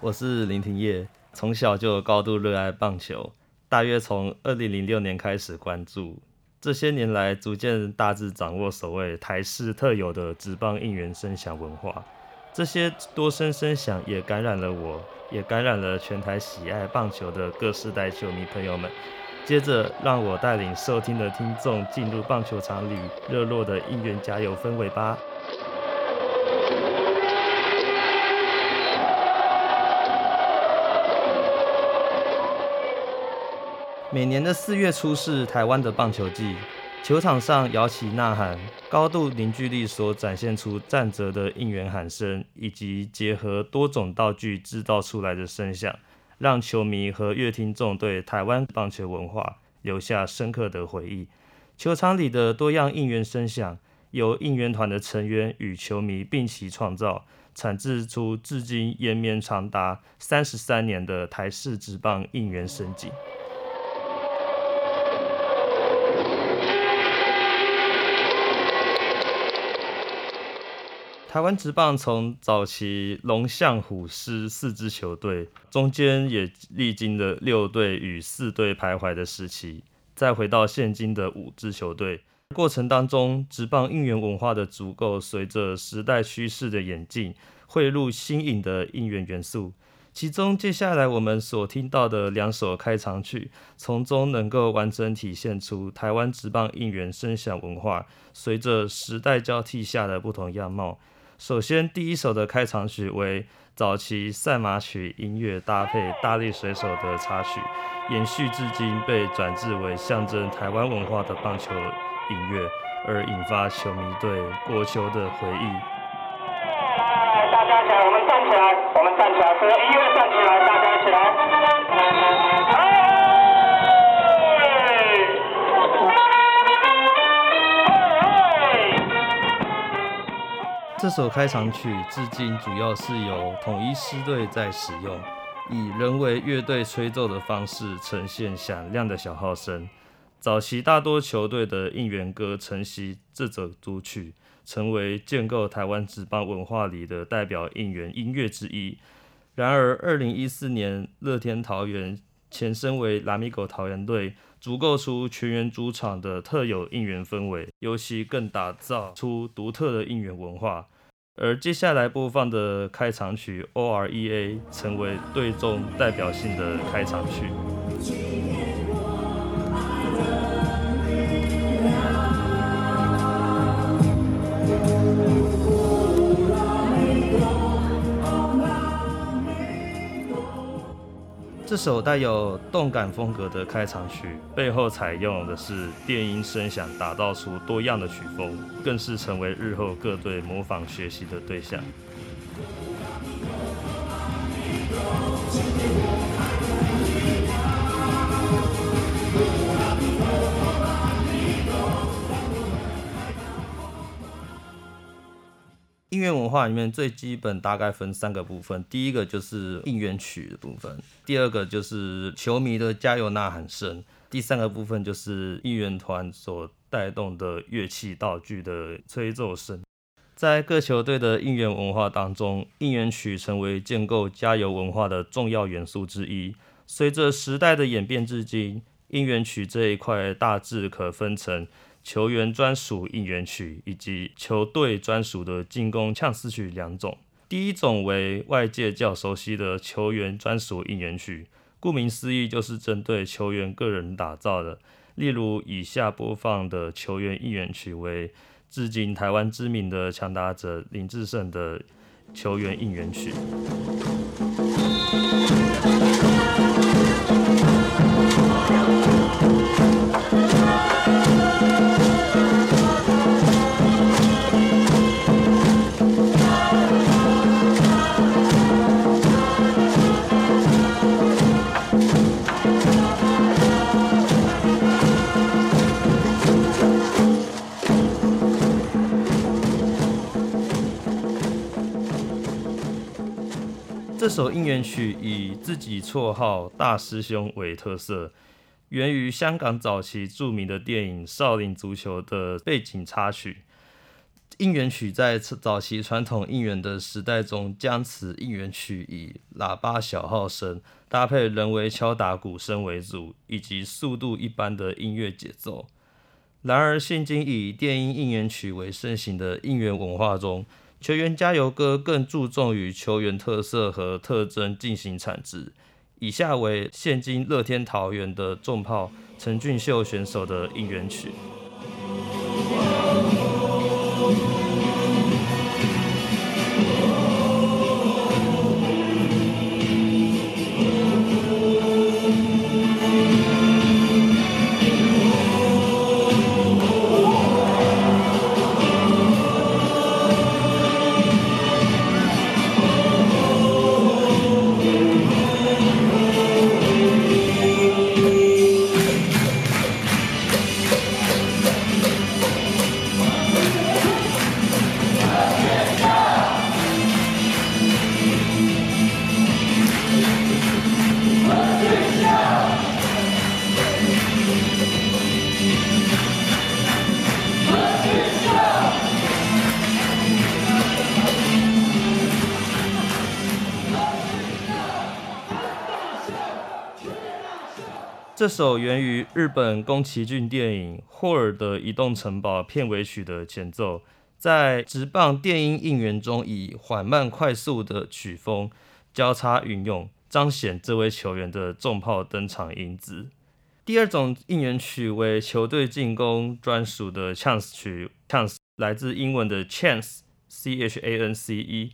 我是林廷燁，從小就高度熱愛棒球，大約從二零零六年開始關注，這些年來逐漸大致掌握所謂台式特有的職棒應援聲響文化，這些多聲聲響也感染了我，也感染了全台喜愛棒球的各世代球迷朋友們。接着，讓我帶領收聽的聽眾進入棒球場裡熱絡的應援加油氛圍吧。每年的四月初是台灣的棒球季，球場上搖旗吶喊，高度凝聚力所展現出戰則的應援喊聲，以及結合多種道具製造出來的聲響。讓球迷和樂聽眾對台灣棒球文化留下深刻的回憶。球場裡的多樣應援聲響，由應援團的成員與球迷並齊創造，產製出至今延綿長達三十三年的台式職棒應援神蹟。台灣職棒從早期龍象虎獅四支球隊，中間也歷經了六隊與四隊徘徊的時期，再回到現今的五支球隊。過程當中，職棒應援文化的足夠隨着時代趨勢的演進，匯入新穎的應援元素。其中，接下來我們所聽到的兩首開場曲，從中能夠完整體現出台灣職棒應援聲響文化，隨着時代交替下的不同樣貌。首先，第一首的開場曲為早期賽馬曲音樂搭配《大力水手》的插曲，延續至今被轉製為象徵台灣文化的棒球音樂，而引發球迷對國球的回憶。大家起來，我們站起來，我們站起來，所有音樂站起來，大家一起來。這首開場曲至今主要是由統一獅隊在使用，以人為樂隊吹奏的方式呈現響亮的小號聲。早期大多球隊的應援歌承襲這則組曲，成為建構台灣職棒文化裡的代表應援音樂之一。然而，二零一四年樂天桃猿前身為 Lamigo 桃猿隊，組構出全員主場的特有應援氛圍，尤其更打造出獨特的應援文化。而接下來播放的開場曲《OREA》成為隊中代表性的開場曲。這首帶有動感風格的開場曲，背後採用的是電音聲響，打造出多樣的曲風，更是成為日後各隊模仿學習的對象。應援文化裡面最基本大概分三個部分，第一個就是應援曲的部分，第二個就是球迷的加油吶喊聲，第三個部分就是應援團所帶動的樂器道具的吹奏聲。在各球隊的應援文化當中，應援曲成為建構加油文化的重要元素之一。隨着時代的演變，至今應援曲這一塊大致可分成。球員專屬應援曲以及球隊專屬的進攻嗆司曲兩種。第一種為外界較熟悉的球員專屬應援曲，顧名思義就是針對球員個人打造的。例如以下播放的球員應援曲為至今台灣知名的強打者林智勝的球員應援曲。這首應援曲以自己綽號“大師兄”為特色，源於香港早期著名的電影《少林足球》的背景插曲。應援曲在早期傳統應援的時代中，將此應援曲以喇叭、小號聲搭配人為敲打鼓聲為主，以及速度一般的音樂節奏。然而，現今以電音應援曲為盛行的應援文化中，球員加油歌更注重於球員特色和特徵進行產製。以下為現今樂天桃猿的重炮陳俊秀選手的應援曲。這首源於日本宮崎駿電影《霍爾的移動城堡》片尾曲的前奏，在職棒電音應援中以緩慢快速的曲風交叉運用，彰顯這位球員的重炮登場英姿。第二種應援曲為球隊進攻專屬的 Chance 曲，Chance 來自英文的 Chance，C H A N C E。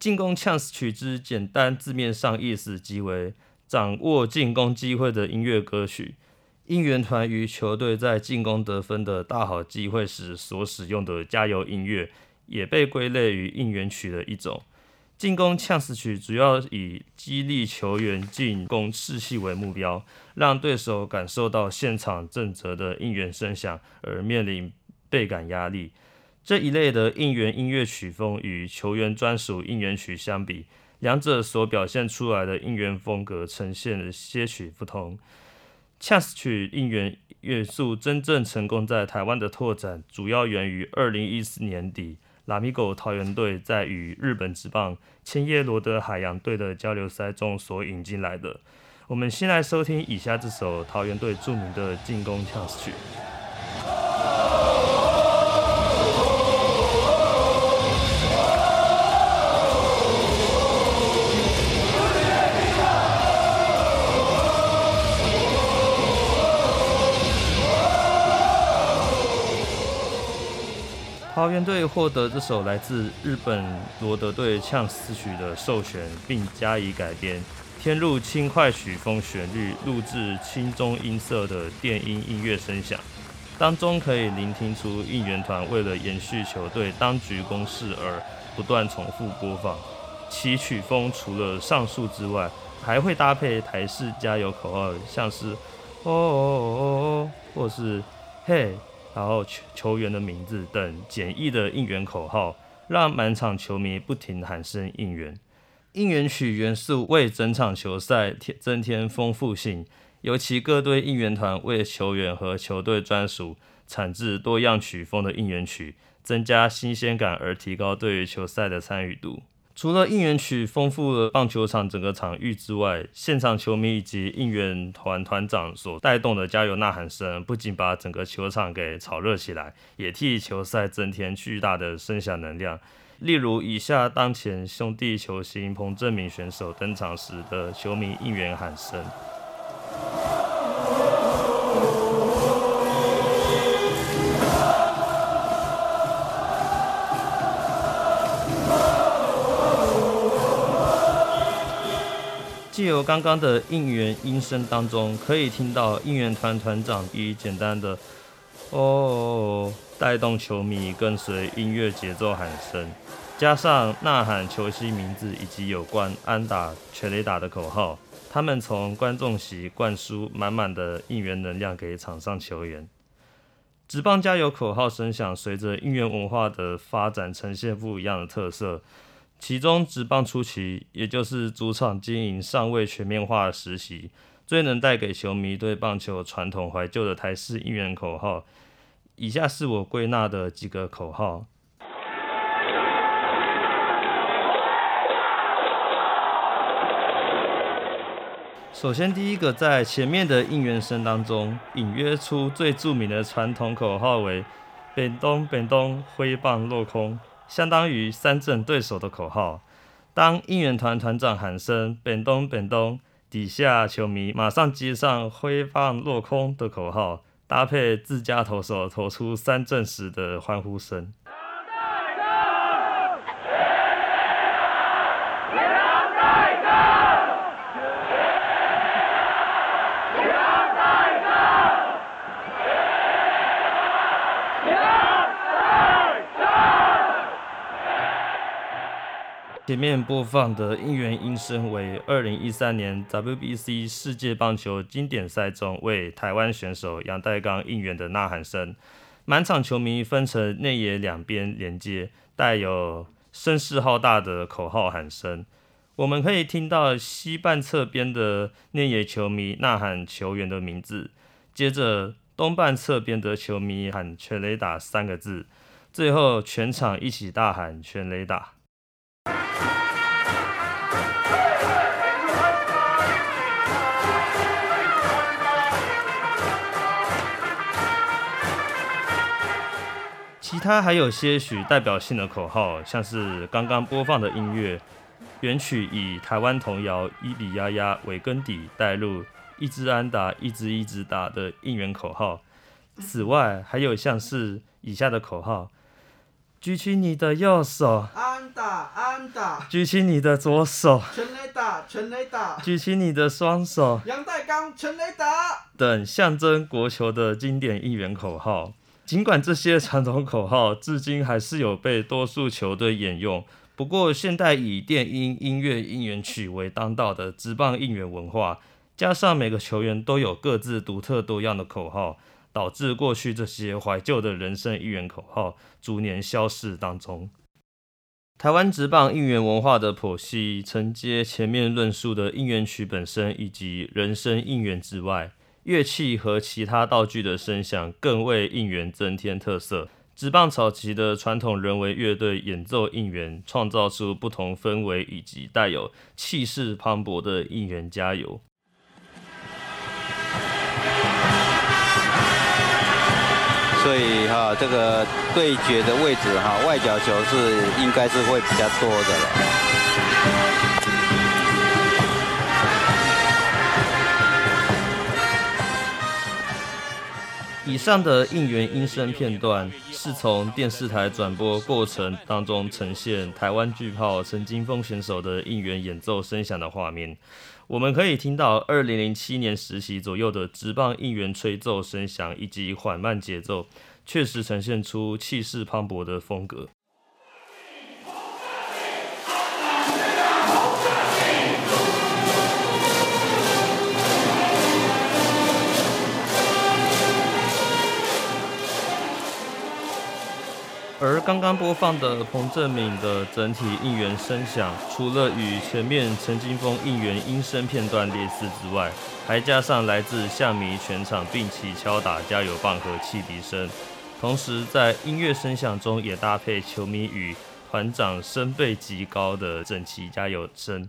進攻 Chance 曲之簡單字面上意思即為。掌握進攻機會的音樂歌曲，應援團與球隊在進攻得分的大好機會時所使用的加油音樂，也被歸類於應援曲的一種。進攻嗆司曲主要以激勵球員進攻士氣為目標，讓對手感受到現場震懾的應援聲響而面臨倍感壓力。這一類的應援音樂曲風與球員專屬應援曲相比。兩者所表現出來的應援風格呈現了些許不同。嗆司曲應援元素真正成功在台灣的拓展，主要源於二零一四年底 Lamigo 桃猿隊在與日本職棒千葉羅德海洋隊的交流賽中所引進來的。我們先來收聽以下這首桃猿隊著名的進攻嗆司曲。桃猿隊獲得這首來自日本羅德隊嗆司曲的授權，並加以改編，添入輕快曲風旋律，錄製輕中音色的電音音樂聲響，當中可以聆聽出應援團為了延續球隊當局攻勢而不斷重複播放。其曲風除了上述之外，還會搭配台式加油口號，像是“哦哦哦哦”或是“嘿”。然後球員的名字等簡易的應援口號，讓滿場球迷不停喊聲應援。應援曲元素為整場球賽增添豐富性，尤其各隊應援團為球員和球隊專屬，產製多樣曲風的應援曲，增加新鮮感而提高對於球賽的參與度。除了應援曲豐富了棒球場整個場域之外，現場球迷以及應援團團、團長所帶動的加油吶喊聲，不僅把整個球場給炒熱起來，也替球賽增添巨大的聲響能量。例如以下當前兄弟球星彭政閔選手登場時的球迷應援喊聲。借由剛剛的應援音聲當中，可以聽到應援團團長以簡單的“哦、oh ”帶動球迷跟隨音樂節奏喊聲，加上吶喊球星名字以及有關安打、全壘打的口號，他們從觀眾席灌輸滿滿的應援能量給場上球員。職棒加油口號聲響，隨着應援文化的發展，呈現不一樣的特色。其中，職棒初期，也就是主場經營尚未全面化的時期，最能帶給球迷對棒球傳統懷舊的台式應援口號。以下是我歸納的幾個口號。首先，第一個在前面的應援聲當中，隱約出最著名的傳統口號為“本東本東揮棒落空”。相當於三振對手的口號，當應援團團，團長喊聲“本東本東”，底下球迷馬上接上揮棒落空的口號，搭配自家投手投出三振時的歡呼聲。前面播放的應援音聲為二零一三年 WBC 世界棒球經典賽中為台灣選手陽岱鋼應援的吶喊聲。滿場球迷分成內野兩邊連接，帶有聲勢浩大的口號喊聲。我們可以聽到西半側邊的內野球迷吶喊球員的名字，接着東半側邊的球迷喊“全壘打”三個字，最後全場一起大喊“全壘打”。其他還有些許代表性的口號，像是剛剛播放的音樂原曲以台灣童謠《伊比丫丫》為根底，帶入“一支安打，一支一支打”的應援口號。此外，還有像是以下的口號：“舉起你的右手，安打，安打，舉起你的左手，全壘打，全壘打；舉起你的雙手，陽岱鋼，全壘打”等象徵國球的經典應援口號。儘管這些傳統口號至今還是有被多數球隊沿用，不過現代以電音音樂應援曲為當道的職棒應援文化，加上每個球員都有各自獨特多樣的口號，導致過去這些懷舊的人聲應援口號逐年消逝當中。台灣職棒應援文化的譜系，承接前面論述的應援曲本身以及人聲應援之外，樂器和其他道具的聲響更為應援增添特色，紙棒草級的傳統人為樂隊演奏應援，創造出不同氛圍以及帶有氣勢磅礴的應援加油。所以哈，這個對決的位置哈，外角球是應該是會比較多的了。以上的應援音聲片段是從電視台轉播過程當中呈現台灣巨炮陳金峰選手的應援演奏聲響的畫面。我們可以聽到2007年時期左右的職棒應援吹奏聲響以及緩慢節奏，確實呈現出氣勢磅礴的風格。而剛剛播放的彭政閔的整體應援聲響，除了與前面陳金鋒應援音聲片段類似之外，還加上來自象迷全場並齊敲打加油棒和汽笛聲，同時在音樂聲響中也搭配球迷與團長聲貝極高的整齊加油聲。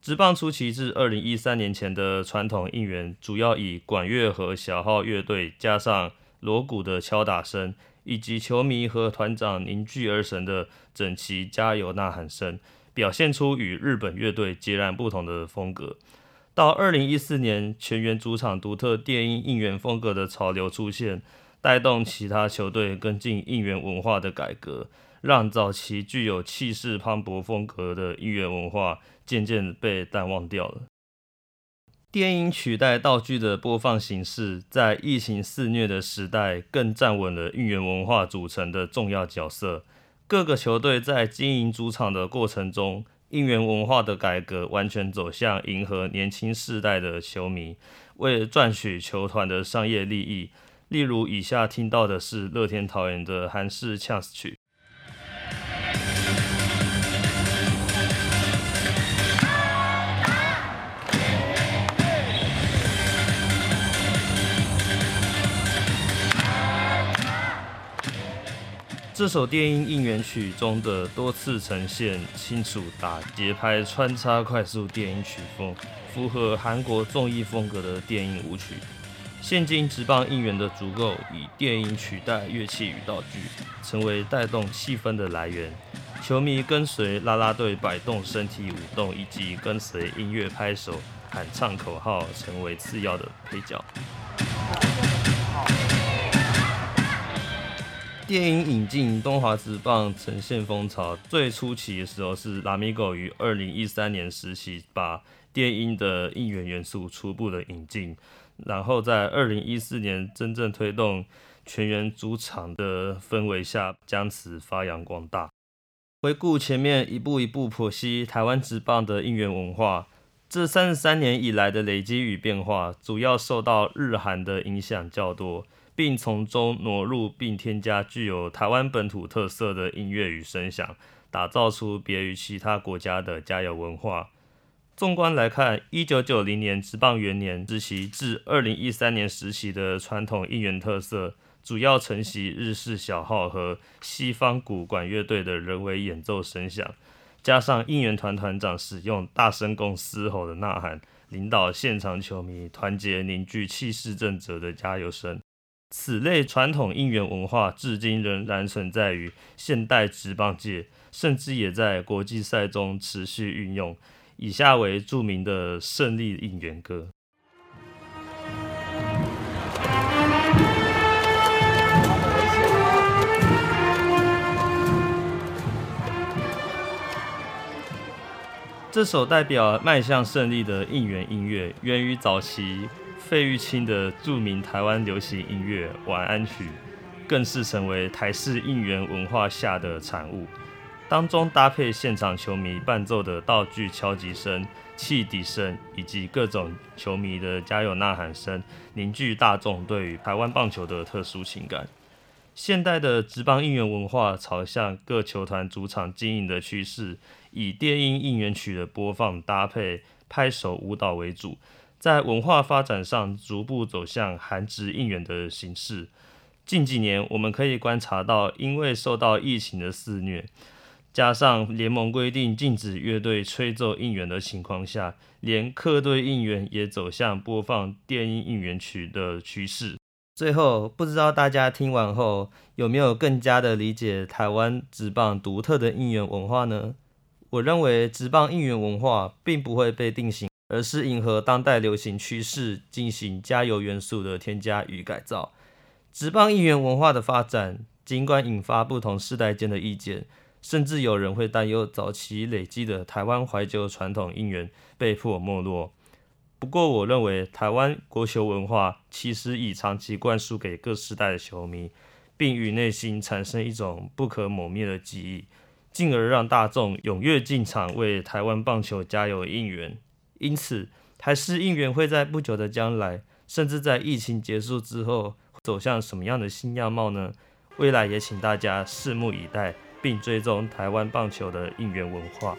職棒初期至二零一三年前的傳統應援，主要以管樂和小號樂隊加上鑼鼓的敲打聲。以及球迷和團長凝聚而成的整齊加油吶喊聲，表現出與日本樂隊截然不同的風格。到二零一四年，全員主場獨特電音應援風格的潮流出現，帶動其他球隊跟進應援文化的改革，讓早期具有氣勢磅礴風格的應援文化漸漸被淡忘掉了。電影取代道具的播放形式，在疫情肆虐的時代，更站穩了應援文化組成的重要角色。各個球隊在經營主場的過程中，應援文化的改革完全走向迎合年輕世代的球迷，為了賺取球團的商業利益。例如以下聽到的是樂天桃猿的韓式嗆司曲。這首電音應援曲中的多次呈現，清楚打節拍，穿插快速電音曲風，符合韓國綜藝風格的電音舞曲。現今職棒應援的足夠以電音取代樂器與道具，成為帶動氣氛的來源。球迷跟隨啦啦隊擺動身體舞動，以及跟隨音樂拍手喊唱口號，成為次要的配角。電影引進東華職棒呈現風潮，最初期的時候是 Lamigo 於二零一三年時期把電音的應援元素初步的引進，然後在二零一四年真正推動全員主場的氛圍下，將此發揚光大。回顧前面一步一步剖析台灣職棒的應援文化，這三十三年以來的累積與變化，主要受到日韓的影響較多。並從中挪入，並添加具有台灣本土特色的音樂與聲響，打造出別於其他國家的加油文化。縱觀來看，1990年職棒元年時期至，至2013年時期的傳統應援特色，主要承襲日式小號和西方古管樂隊的人為演奏聲響，加上應援團團，團長使用大聲公嘶吼的吶喊，領導現場球迷團結凝聚氣勢正直的加油聲。此類傳統應援文化至今仍然存在於現代職棒界，甚至也在國際賽中持續運用。以下為著名的勝利應援歌。 這首代表邁向勝利的應援音樂，源於早期費玉清的著名台灣流行音樂《晚安曲》，更是成為台式應援文化下的產物。當中搭配現場球迷伴奏的道具敲擊聲、汽笛聲，以及各種球迷的加油吶喊聲，凝聚大眾對於台灣棒球的特殊情感。現代的職棒應援文化朝向各球團主場經營的趨勢，以電音應援曲的播放搭配拍手舞蹈為主。在文化發展上，逐步走向韓職應援的形式。近幾年，我們可以觀察到，因為受到疫情的肆虐，加上聯盟規定禁止樂隊吹奏應援的情況下，連客隊應援也走向播放電音應援曲的趨勢。最後，不知道大家聽完後有沒有更加的理解台灣職棒獨特的應援文化呢？我認為，職棒應援文化並不會被定型。而是迎合當代流行趨勢進行加油元素的添加與改造。職棒應援文化的發展，儘管引發不同世代間的意見，甚至有人會擔憂早期累積的台灣懷舊傳統應援被迫沒落。不過，我認為台灣國球文化其實已長期灌輸給各世代的球迷，並與內心產生一種不可磨滅的記憶，進而讓大眾踴躍進場為台灣棒球加油應援。因此，台式應援會在不久的將來，甚至在疫情結束之後，走向什麼樣的新樣貌呢？未來也請大家拭目以待，並追蹤台灣棒球的應援文化。